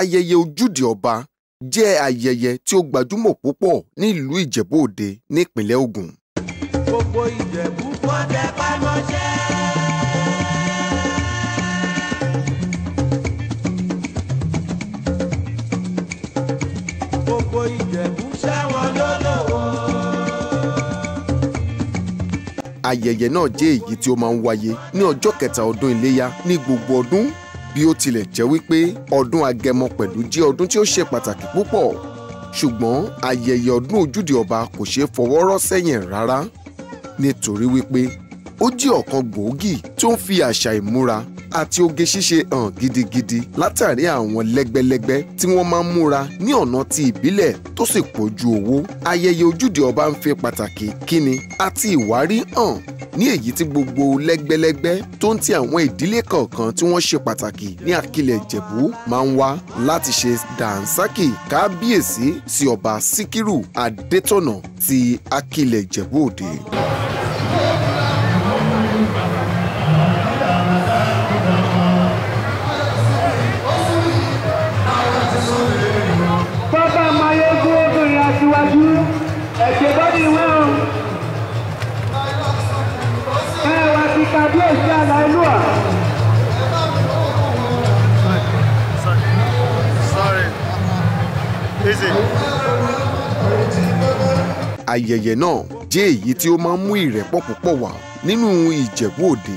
ayẹyẹ ojúde ọba jẹ́ ayẹyẹ tí ó gbajúmọ̀ púpọ̀ ní ìlú ìjẹ̀bú-òde nípínlẹ̀ ògùn. gbogbo ìjẹ̀bú wọn tẹ pámọ́ṣẹ́. gbogbo ìjẹ̀bú sẹ́wọ̀n lọ́lọ́wọ́. ayẹyẹ náà jẹ́ èyí tí ó máa ń wáyé ní ọjọ́ kẹta ọdún iléyá ní gbogbo ọdún bí ó tilẹ̀ jẹ́ wípé ọdún agẹmọ pẹ̀lú jẹ́ ọdún tí ó ṣe pàtàkì púpọ̀ ṣùgbọ́n ayẹyẹ ọdún ojúde ọba kò ṣeé fọwọ́ rọ́ sẹ́yìn rárá nítorí wípé ó jẹ́ ọ̀kan gbòógì tó ń fi àṣà ìmúra àti oge ṣíṣe hàn gidigidi látàrí àwọn lẹ́gbẹ́lẹ́gbẹ́ tí wọ́n máa ń múra ní ọ̀nà ti ìbílẹ̀ tó sì pọ̀ ju owó ayẹyẹ ojúde ọba ń fi pàtàkì kíni àti ìwárí hàn ní èyí tí gbogbo lẹ́gbẹ́lẹ́gbẹ́ tó ń ti àwọn ìdílé kọ̀ọ̀kan tí wọ́n ṣe pàtàkì ní àkílẹ̀ ìjẹ̀bú máa ń wá láti ṣe dànsákì kábíyèsí sí ọba síkírù adétọ̀nà ti àkílẹ̀ ìjẹ̀bú òde. ẹ̀ṣẹ̀ bọ́dì ìwé o ẹ wá sí kábíyèsí àlá ìlú à. ayẹyẹ náà jẹ́ èyí tí ó máa ń mú ìrẹ́pọ̀ púpọ̀ wá nínú Ìjẹ̀bú Òde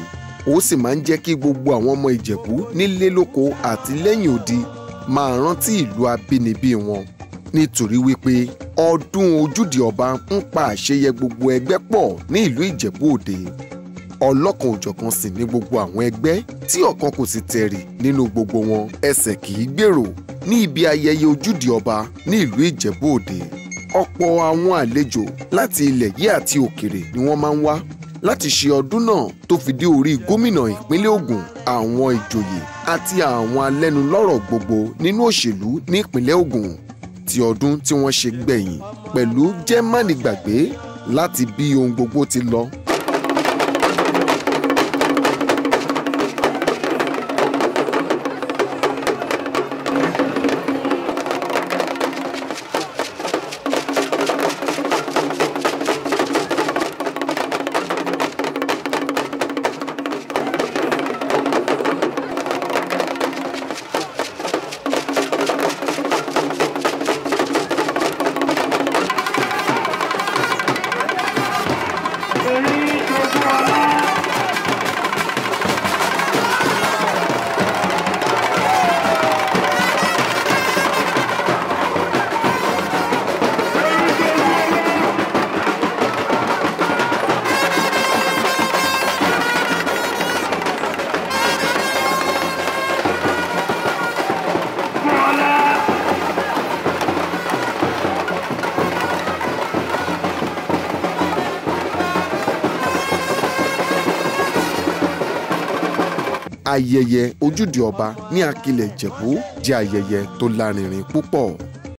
ó sì máa ń jẹ́ kí gbogbo àwọn ọmọ Ìjẹ̀bú nílé lóko àti lẹ́yìn odi máa rántí ìlú abínibí wọn nítorí wípé ọdún ojúde ọba ń pa àṣeyẹ gbogbo ẹgbẹ́ pọ̀ ní ìlú ìjẹ̀bú òde ọlọ́kan òjọ̀kan sì ní gbogbo àwọn ẹgbẹ́ tí ọ̀kan kò sì tẹ̀rì nínú gbogbo wọn ẹsẹ̀ kì í gbèrò ní ibi ayẹyẹ ojúde ọba ní ìlú ìjẹ̀bú òde ọ̀pọ̀ àwọn àlejò láti ilẹ̀ yìí àti òkèrè ni wọ́n máa ń wá láti ṣe ọdún náà tó fi dé orí gómìnà ìpínlẹ̀ Ògùn àwọn ìjòyè àti àwọn alẹ́nulọ́rọ̀ gbogbo nínú òṣèlú ní ìpínlẹ̀ Ògùn àti ọdún tí wọ́n ṣe gbẹ̀yìn pẹ̀lú jẹ́ mánìgbàgbé láti bí ohun gbogbo ti lọ ayẹyẹ ojúde ọba ní akilẹ̀ ìjẹ̀bú jẹ́ ayẹyẹ tó lárinrin púpọ̀.